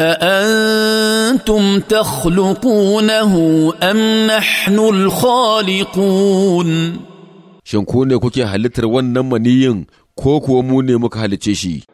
أأنتم تخلقونه أم نحن الخالقون Shin ku ne kuke halittar wannan maniyin ko kuwa mu ne muka halicce shi?